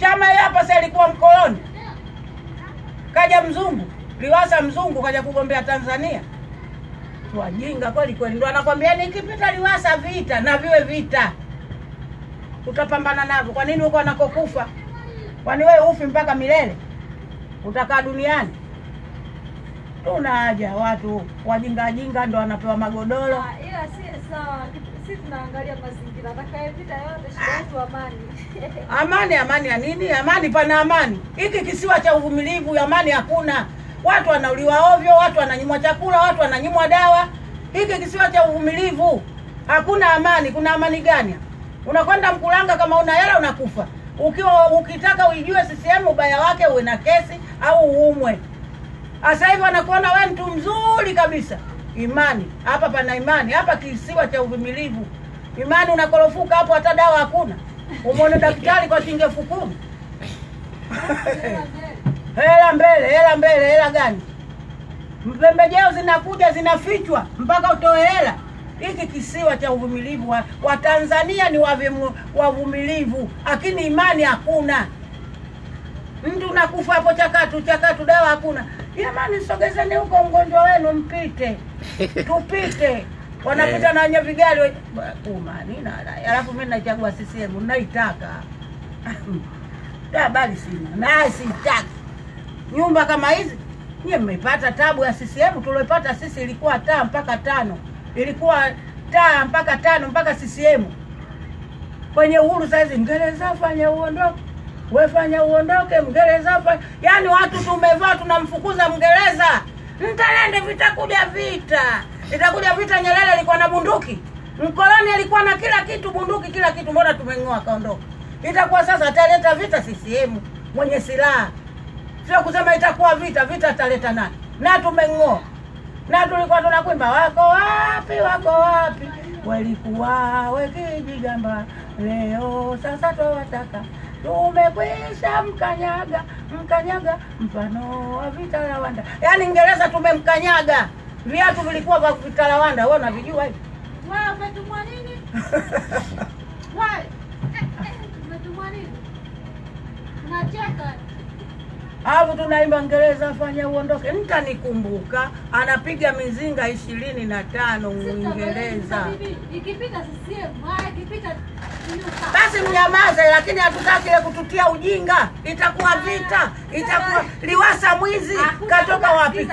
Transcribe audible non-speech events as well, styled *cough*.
chama hapa sasa ilikuwa mkoloni, kaja mzungu Liwasa, mzungu kaja kugombea Tanzania. Wajinga kweli kweli, ndo anakwambia nikipita Liwasa vita na viwe vita, utapambana navyo. Kwa nini uko anakokufa? Kwani wewe ufi mpaka milele? Utakaa duniani? Tuna haja watu wajinga jinga ndo wanapewa magodoro. Ah, ila si sawa sisi tunaangalia mazingira, atakayepita yote, shida yetu amani. *laughs* Amani, amani ya nini? Amani, pana amani. Hiki kisiwa cha uvumilivu, amani hakuna. Watu wanauliwa ovyo, watu wananyimwa chakula, watu wananyimwa dawa. Hiki kisiwa cha uvumilivu, hakuna amani. Kuna amani gani? Unakwenda Mkulanga, kama una hela unakufa. Ukiwa ukitaka uijue CCM ubaya wake, uwe na kesi au uumwe. Sasa hivi wanakuona wewe mtu mzuri kabisa Imani hapa pana imani, hapa kisiwa cha uvumilivu. Imani unakorofuka hapo, hata dawa hakuna. Umwone daktari kwa chingefu kumi. hela mbele, hela mbele, hela gani? Pembejeo zinakuja zinafichwa mpaka utoe hela. Hiki kisiwa cha uvumilivu. Watanzania wa ni wavumilivu, lakini imani hakuna. Mtu nakufa hapo Chakatu, Chakatu dawa hakuna jamani, sogezeni huko mgonjwa wenu mpite, *laughs* tupite. Wanapita eh. na wenye vigali umanina, alafu mimi nachagua CCM naitaka habari *laughs* sina na sitaki nyumba kama hizi. Nyie mmepata tabu ya CCM, tuliopata sisi ilikuwa taa mpaka tano, ilikuwa taa mpaka tano mpaka CCM kwenye uhuru. hizi ngereza fanya uondoke wefanya uondoke mgereza hapa. Yani watu tumevaa tunamfukuza mgereza. Mtalende vitakuja vita, itakuja vita. Nyerere alikuwa na bunduki, mkoloni alikuwa na kila kitu, bunduki, kila kitu, mbona tumeng'oa akaondoka? Itakuwa sasa ataleta vita CCM mwenye silaha, sio kusema itakuwa vita. Vita ataleta nani? Na tumeng'oa na tulikuwa tunakwimba wako wapi, wako wapi, walikuwa wekijigamba, leo sasa twawataka tumekwisha mkanyaga mkanyaga mfano wa vita ya Wanda. Yaani Ingereza tumemkanyaga, viatu vilikuwa vya vita la Wanda, wewe unavijua hivi? nini? *laughs* Eh, eh, nini? Unacheka. Hapo tunaimba Ngereza fanya uondoke, mtanikumbuka anapiga mizinga ishirini na tano Mwingereza. Basi mnyamaze, lakini hatutaki ile kututia ujinga. Itakuwa vita, itakuwa Liwasa mwizi katoka wapi?